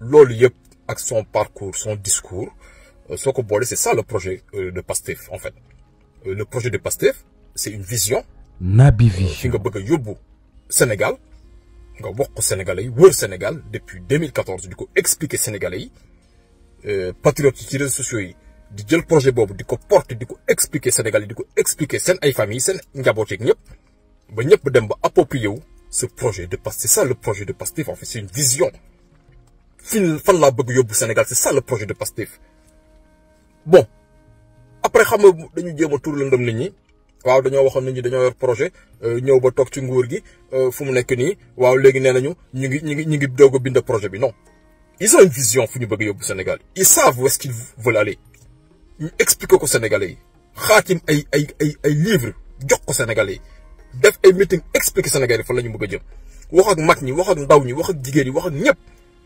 loolu yep avec son parcours son discours ce euh, ko c'est ça le projet euh, de Pastef en fait euh, le projet de Pastef c'est une vision. Naby Vision fi nga bëgg a Sénégal nga wax ko Sénégalais wër Sénégal depuis 2014 du coup expliquer Sénégalais Euh, patriotes les réseaux sociaux di jël projet Bob du coup porter du coup expliquer Sénégalais du coup expliquer Sen ay famille Sen njaboot yeeg ñëpp ba ñëpp dem ba approprier ce projet de Pastef c'est ça le projet de Pastef en fait c'est une vision fin fan la bëgg yobbu Sénégal c'est ça le projet de pastif bon après xam nga dañu jéem a tuur la ndëm nit ñi waaw dañoo waxoon nit ñi dañoo yor projet euh, ñëw ba toog ci nguur gi euh, fu mu nekk nii waaw léegi nee nañu ñu ngi ñu ngi ñu ngi doog a bind projet bi non ils ont une vision fu ñu bëgg yóbbu Sénégal ils savent où est-ce qu'ils veulent aller ñu expliquer ko Sénégalais yi xaatim ay ay ay ay livres jox ko Sénégalais yi def ay meeting expliquer Sénégalais yi fan la ñu bëgg a jëm wax ak mag ñi wax ak ndaw ñi wax ak jigéen ñi wax ak ñëpp.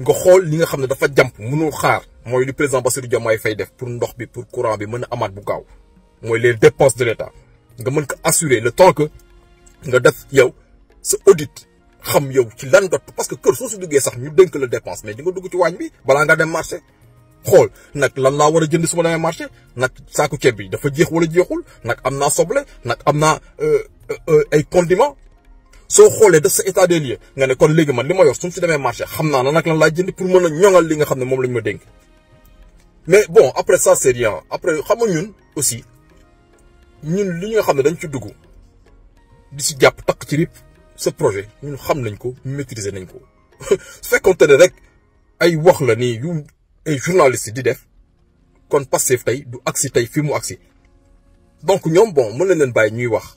nga xool li nga xamne dafa jamp mënul xaar moy li président Bassirou diamay fay def pour ndox bi pour courant bi mën amat bu gaaw moy les dépenses de l'État nga mën ko assurer le temps que nga def yow ce audit xam yow ci lan nga parce que keur soo si sax ñu dénk le dépense mais di nga dugg ci wañ bi bala nga dem marché xol nak lan la wara a jënd su ma demee marché nag saaku ceeb bi dafa jeex wala jeexul nak amna naa nak amna euh, euh euh ay condiments so xoolee def sa état des lieux nga ne kon léegi man li ma yor suñ fi demee marché xamna na nak lan la jënd pour mën a ñoŋal li nga xamné mom moom lañ ma dénk mais bon après ça c'est rien après xam ñun aussi ñun li nga xamné dañ ci dugg di ci japp tak ci rip ce projet ñun xam nañ ko maîtriser nañ ko su fekkonte rek ay wax la ni yu ay journaliste di def kon Pastef tay du aksi tay fi mu aksi donc ñom bon mën na leen bay ñuy wax.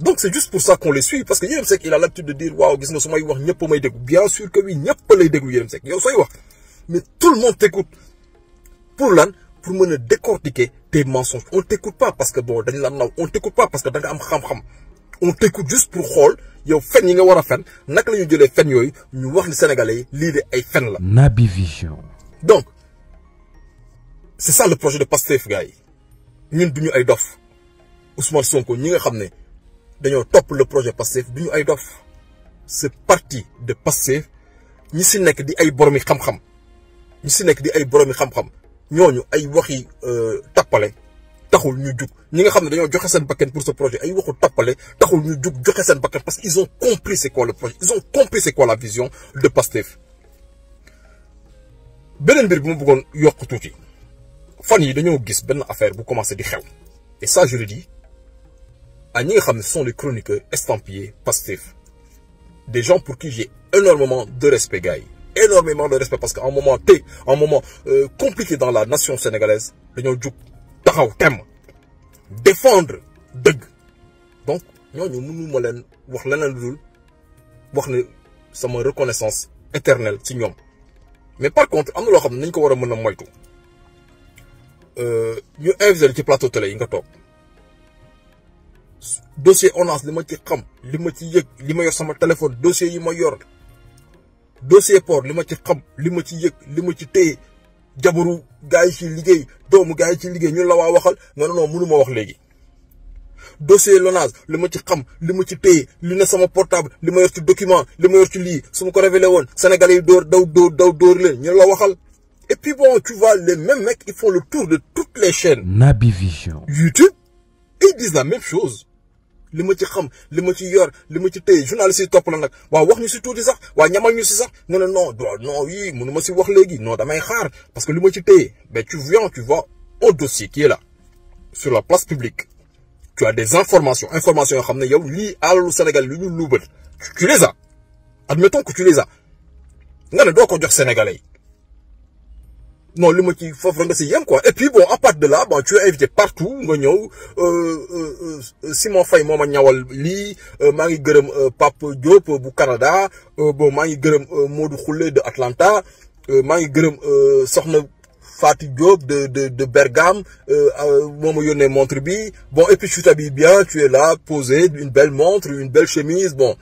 donc c'est juste pour ça qu'on les suit parce que Yérim il a l'habitude de dire waouh, gis nga il may wax ñëpp may déglu bien sûr que oui il lay a pas Seck yow mais tout le monde t'écoute pour lan pour me décortiquer tes mensonges on t'écoute pas parce que bon dañ la on t'écoute pas parce que da nga am xam on t'écoute juste pour xool yow fen yi nga war a fen naka la ñu jëlee fen yooyu ñu wax ni sénégalais yi lii ay fen la. nabi Vision. donc c'est ça le projet de Pastef gars yi ñun duñu ay dof Ousmane Sonko ñi nga xam dañoo top le projet Pastef du ñu ay dof ce parti de Pastef ñi si nekk di ay boromi xam-xam ñi si nekk di ay boromi xam-xam ñooñu ay waxi euh, tappale taxul ñu jug ñi nga xam ne dañoo joxe seen bakkan pour ce projet ay waxu tappale taxul ñu jug joxe seen bakkan parce qu'ils ont compris c'est quoi le projet ils ont compris c'est quoi la vision de Pastef beneen mbir bi mu bëggoon yokk tuuti fan yi dañoo gis benn affaire bu commencé di xew et ça je le dis ils sont des chroniqueurs estampillés, pastifs. Des gens pour qui j'ai énormément de respect, gars. Énormément de respect parce qu'à moment T, un moment euh, compliqué dans la nation sénégalaise, nous défendre Donc, nous nous c'est ma reconnaissance éternelle mais par contre am na nous xam ne ko euh, plateau télé dossier ONAS le ci xam lima le ci yëg lima sama téléphone dossier yi ma yor dossier port le ci xam lima le ci yëg lima ci téye jabaru gars ci liggéey doomu ci liggéey la waxal non mënu ma wax dossier LONAS, le ma ci xam li ma ci téye li sama portable le ma yor ci document le ma yor ci lii su ma ko révélé woon Sénégalais yi d'or daw dóor daw dóor leen ñu la waxal et puis bon tu vois les mêmes mecs ils font le tour de toutes les chaînes. nabi Vision. YouTube ils disent la même chose lima ci xam lima ci yor lima ci tey journaliste top la nak wa wax ñu si tuuti sax wa ñamal ñu ci sax non, ne non non oui, mënu ma si wax légui non damay xaar parce que lima ci tey mais tu viens tu vois au dossier qui est là sur la place publique tu as des informations informations yoo xam ne yow lii alalu Sénégal li ñu luubal tu les as admettons que tu les as nga ne doo ko jox sénégalais non le mot qui faut rek c'est quoi et puis bon à part de là bon tu es invité partout nga euh, euh, euh, Simon Faye moo Marie ñawal lii euh, maa ngi Pape Diop au Canada bon Marie ngi gërëm Modou Khoule de Atlanta Marie ngi euh, Sohna Diop de de de Bergame moo ma yónnee montre bi bon et puis tu t'habilles bien tu es là posé une belle montre une belle chemise bon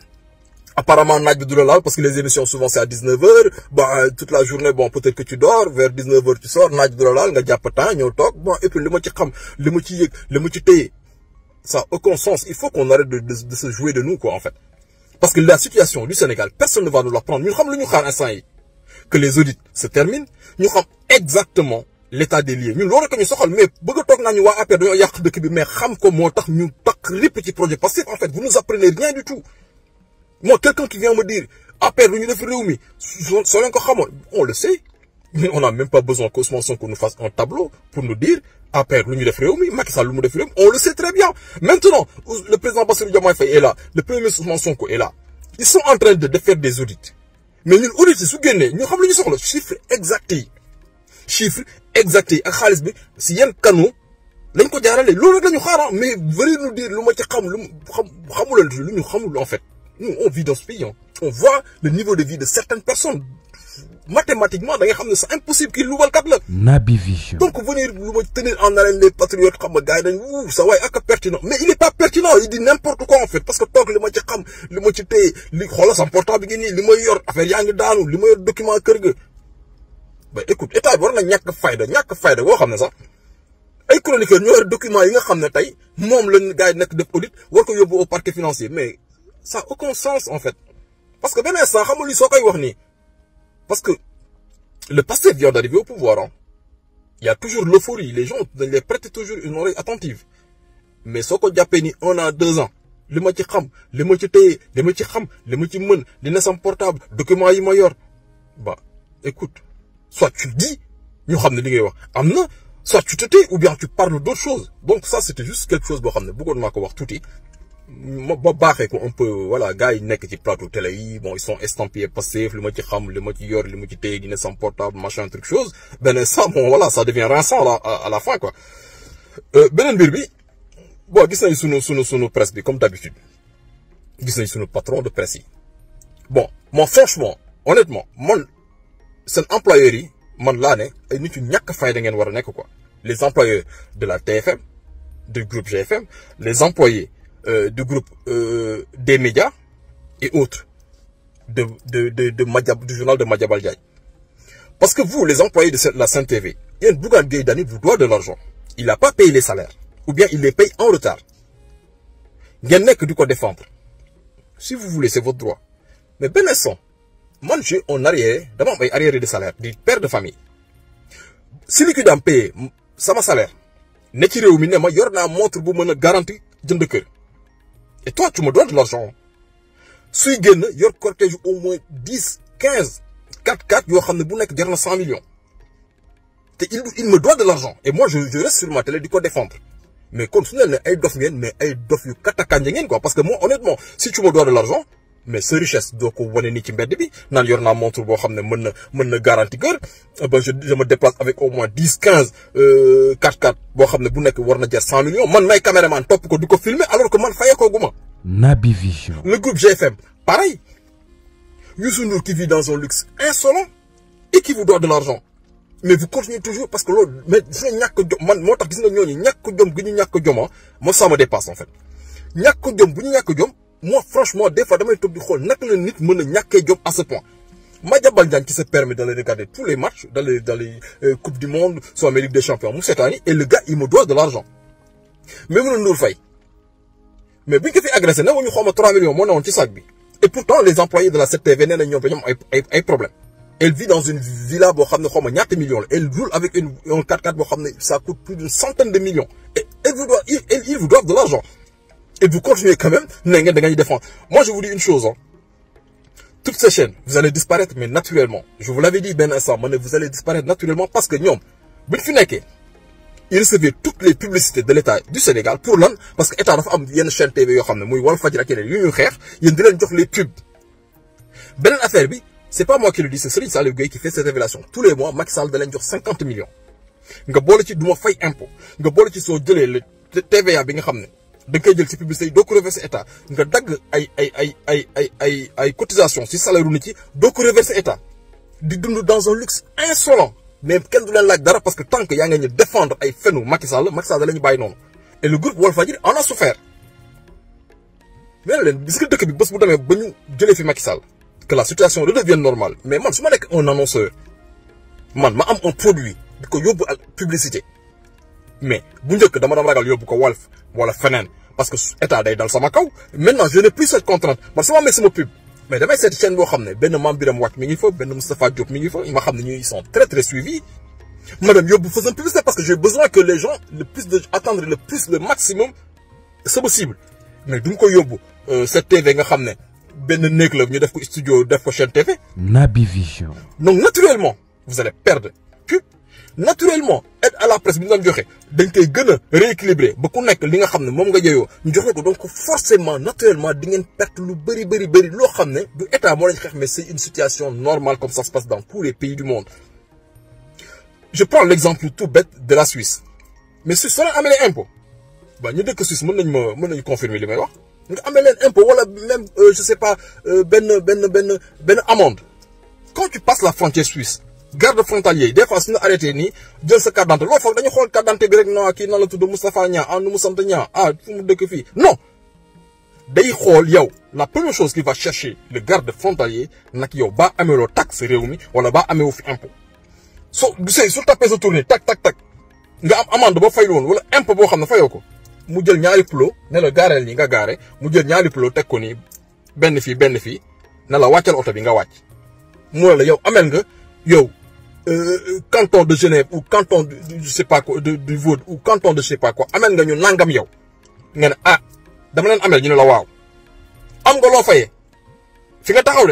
apparemment naaj de du parce que les émissions souvent c'est à 19h bah euh, toute la journée bon peut-être que tu dors vers 19h tu sors naaj bi du la laal nga jàpp temps ñëw toog bon et puis le ma ci xam li ma ci yëg li ci ça n'a aucun sens il faut qu'on arrête de, se jouer de nous quoi en fait parce que la situation du Sénégal personne ne va nous la prendre nous xam lu ñu xaar que les audits se terminent Nous xam exactement l'état des lieux ñun loolu que ñu soxal mais bëgg a toog de ñu waa APR dañoo yàq dëkk bi mais xam ko moo ñu takk ci projet en fait vous nous apprenez rien du tout moi, quelqu'un qui vient me dire, appelle Réumi, on le sait. Mais on n'a même pas besoin qu'on nous fasse un tableau pour nous dire, appelle Réumi on le sait très bien. Maintenant, le président Bassirou est là, le premier ministre est là. Ils sont en train de, faire des audits. Mais nous, audits, c'est nous avons le chiffre exact. Chiffre exact. Et Khalis, si un canon, mais voulez nous dire nous en fait nous, on vit dans ce pays. Hein. On voit le niveau de vie de certaines personnes. Mathématiquement, c'est impossible qu'ils louent le cap là. Nabi Vision. Donc, venir tenir en haleine les patriotes comme Gaïden, ouh, ça va, il ah, pertinent. Mais il n'est pas pertinent, il dit n'importe quoi en fait. Parce que tant que le moitié comme, le moitié thé, le cholas en le meilleur affaire yang danou, le meilleur document à kergue. Bah écoute, et voilà, il n'y a que faïda, il n'y a que faïda, voilà comme ça. ay chroniqueur ñoo yor documents yi nga xam ne tey moom lañ gars yi nekk def audit war ko yóbbu au parquet financier mais ça n'a aucun sens en fait. Parce que ben ça, Parce que le passé vient d'arriver au pouvoir. Hein. Il y a toujours l'euphorie. Les gens les prêtent toujours une oreille attentive. Mais Soko Péni, on a deux ans. Le moitié le moitié le moitié les le moitié sam les naissants portables, documents yor Bah, écoute, soit tu le dis, nous amna, soit tu te tais, ou bien tu parles d'autres choses. Donc ça, c'était juste quelque chose, beaucoup de touti ba baaxé ko un peu voilà gars yi nek ci plateau télé yi bon ils sont estampillés passifs li ma ci xam li ma ci yor li ma ci téy dina portable machin truc chose ben ça bon voilà ça devient rinçant à la à fin quoi. Euh, benen mbir bi bon gis nañ sunu sunu sunu presse comme d'habitude gis nañ sunu patron de presse bon moi franchement honnêtement mon c'est employerie mon man ne ay nit yu ñak fay ngeen quoi les employeurs de la TFM du groupe GFM les employés. Euh, du groupe euh, des médias et autres, de, de, de, de du journal de Madia Parce que vous, les employés de la Sainte TV, Yann Bougan Gaydani vous doit de l'argent. Il n'a pas payé les salaires. Ou bien il les paye en retard. Il n'y a que du quoi défendre. Si vous voulez, c'est votre droit. Mais Benesson, moi, je suis en arrière, d'abord, arrière de salaire, du père de famille. Si le pays, paye, ça m'a salaire. N'est-il au minimum, il y montre pour me garantir, je ne et toi, tu me dois de l'argent. Si tu as au moins 10, 15, 4, 4, tu as 100 millions. il, me doit de l'argent. Et moi, je, reste sur ma télé du quoi défendre. Mais comme si tu as un mais un Parce que moi, honnêtement, si tu me dois de l'argent, mais ce richesse donc ko ni ci mbedd bi nan yorna montre bo xamné ne mën je me déplace avec au moins 10, 15, euh, quatre 4 4 ne bu nek warna millions man may caméraman top ko filmer alors que man Vision. le groupe GFM pareil Youssou qui vit dans un luxe insolent et qui vous doit de l'argent mais vous continuez toujours parce que l'autre mais jom man motax gis nga ça ah, me dépasse en fait Vous bu ñu moi franchement des fois damay top du xool nak la nit meuna ñaké job à ce point Madiambal Diagne qui se permet d'aller regarder tous les matchs dans les dans les euh, coupes du monde soit mes des champions cette année, et le gars il me doit de l'argent mais le nour fay mais bi ñu ko fi agressé nous wuñu xoma 3 millions moo non ci sac bi et pourtant les employés de la CTV, tv nee un ñoom ay ay elle vit dans une villa bo xamne xoma millions elle roule avec une un 4x4 bo xamne ça coûte plus d'une centaine de millions et elle vous doit il il vous doit de l'argent et vous continuez quand même, vous n'avez gagné défendre. Moi, je vous dis une chose. Hein. Toutes ces chaînes, vous allez disparaître, mais naturellement. Je vous l'avais dit, Ben Assam, vous allez disparaître naturellement parce que nous, il recevait toutes les publicités de l'État du Sénégal pour l'an, parce que l'État a une chaîne TV, il y les pubs. Belle affaire, c'est pas moi qui le dis, c'est Serine gars qui fait cette révélation. Tous les mois, Max donne 50 millions. Nga bolé ci duma fay impôt. Nga bolé ci so jëlé le TVA bi nga da koy jël ci publicité yi doo ko reverser état nga dagg ay ay ay ay ay ay ay cotisation ci salaire nit ci doo ko reverser état di dund dans un luxe insolent mais kenn du leen laaj dara parce que tant que yaa ngi ñu défendre ay fenu Macky Sall Macky Sall la ñu bàyyi noonu et le groupe Walfadjri en a souffert mais leen gis nga dëkk bi bés bu demee ba ñu jëlee fi Macky Sall que la situation redevienne normale mais man su ma nekk un annonceur man ma am un produit di ko yóbbu publicité mais bu njëkk dama doon ragal yóbbu ko Wolf wala feneen parce que état day dal sama kaw maintenant je n'ai plus cette contrainte Parce que ma amee sama pub mais demain cette chaîne boo xam ben benn Mame Birame Wathie mi ngi fa benn Moustapha Diop mi ngi fa ma xam ñuy sont très très suivis madame yóbbu fa seen c'est parce que j'ai besoin que les gens le plus de attendre le plus le maximum c'est possible mais du ma ko yóbbu euh, cette TV nga xam ben Nekle, ñu def ko studio def ko chaîne TV. Naby Vision. donc naturellement vous allez perdre pub naturellement aide à la presse bi ñu doon joxe dañ rééquilibrer. gën a ba ku nekk li nga xam mom nga jëyoo ñu joxe ko donc forcément naturellement di ngeen perte lu bari bari bari lo xam du état mo lañ xex mais c'est une situation normale comme ça se passe dans tous les pays du monde je prends l'exemple tout bête de la Suisse mais Suisse amener leen amee impôt waaw bah, ñu dëkk Suisse mën nañ ma mën nañ confirmer limay wax nga amee leen impôt wala même euh, je sais pas ben, ben, ben, ben, amende quand tu passes la frontière suisse garde frontalier des fois suñu arrêté ni, jël sa carte d'identité loolu foog dañu xool carte d'identité bi rek non kii nan la tudd Moustapha Niang ah nu mu sant Niang ah fu mu dëkk non day xol yow la première chose qu'il va chercher le garde frontalier nak yow baa ameeloo taxe réew mi wala baa ameewu fi impôt soo gisee su tapé sa tourner tac tac tac nga am amende ba faylu won wala impôt bo xamna fayoko mu jël ñaari plo ne la gaareel ni nga garé mu jël ñaari plo tek ko ni ben fi ben fi ne la wàccal oto bi nga wàcc mo la yow amel nga yow euh, euh, canton de Genève ou canton je sais pas Vaud ou canton de je sais pas quoi amène nga ñu nangam yow ah dama amel la waw. am nga lo fayé. fi nga taxaw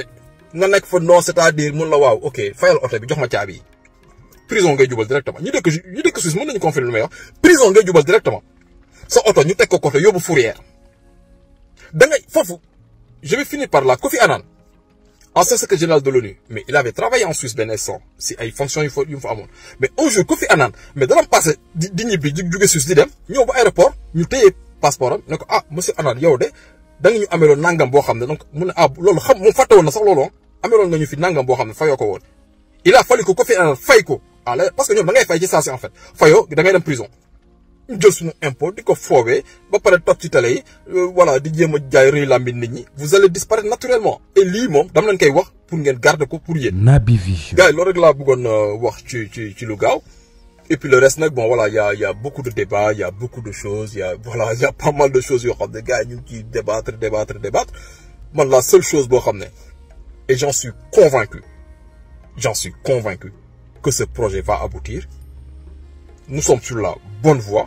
non c'est-à-dire mun la ok fayal auto bi ma prison ngay jubal directement ñu dëkk que dëkk Suisse prison ngay jubal directement sa auto ñu tek ko côté yobu fourrière da je vais finir par là Annan ancien secrétaire général de l'ONU, mais il avait travaillé en Suisse ben instant si il fonction il faut, il faut, fa mais aujourd'hui ku Kofi Annan, mais dans le passé di di ñibbi di jóge Suisse di dem ñëw ba aéroport ñu téye passeport donc ah monsieur Annan, yow de da nga ñu ameloon nangam boo donc mon ne ah loolu xam moom fàtte woon na sax loolu ah nga ñu fi nangam boo xam ne il a fallu ko Kofi Annan, fayoko, fay parce que nous on ngay fay ci saa en fait fayoo da ngay dem prison ñu jël suñu impôt di ko foowee ba pare toog ci télé euh, voilà di jéem a jaay nit vous allez disparaître naturellement et lii moom dama leen koy wax pour ngeen garder ko pour vous. Nabi Vision. gars c'est ce que je voulais wax ci ci ci lu et puis le reste nag bon voilà y' a y' a beaucoup de débats y' a beaucoup de choses y' a voilà y' a pas mal de choses yoo xam gars yi ñu débattent débattent, débattre débattre débattre la seule chose que je et j'en suis convaincu j'en suis convaincu que ce projet va aboutir nous sommes sur la bonne voie.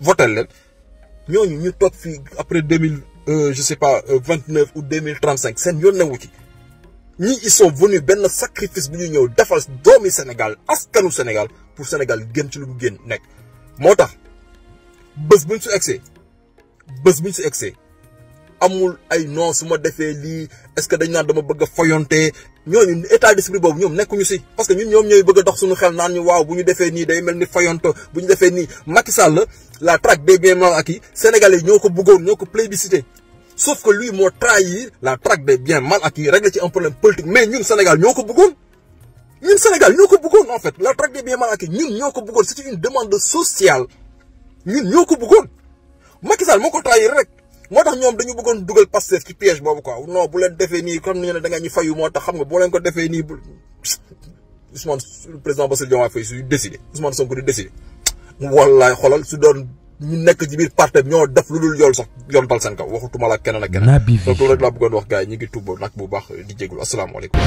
votez-le. Nous, nous, top après 2000, euh, je sais pas, 29 euh, ou 2035, c'est nous, ils sont venus, ben, le sacrifice, ben, nous, d'affaires, dormir Sénégal, Askanou Sénégal, pour Sénégal, gain, tu l'oublies, nec. Mota, buzz, buzz, excès, buzz, buzz, excès amul ay non suma ma li est-ce que dañ dama bëgg a foyonte état d'esprit nous ñom nekkuñu ci parce que ñun ñom ñoy bëgg dox suñu xel naan ñu waaw day Macky Sall la traque des biens mal acquis sénégalais ñoko bëggoon sauf que lui mo trahir la traque des biens mal acquis Régler ci un problème politique mais ñun Sénégal ñoko ñun Sénégal ñoko en fait la traque des biens mal acquis ñun c'est une demande sociale ñun moo tax ñoom dañu bëggoon dugal Pastef ci piège boobu ko non bu leen defee nii comme ni ne da nga ñu fayu moo tax xam nga boo leen ko defee nii bu Ousmane président Bassirou Diomaye Faye su décidé Ousmane Sonko di décidé wallaay xolal su doon nekk ci biir parti ñoo def lu lul yool sax yontal seen kaw waxutuma la keneen a keneen donc loolu rek laa bëggoon wax gars yi ñu ngi tubb nag bu baax di jégul asalaamaaleykum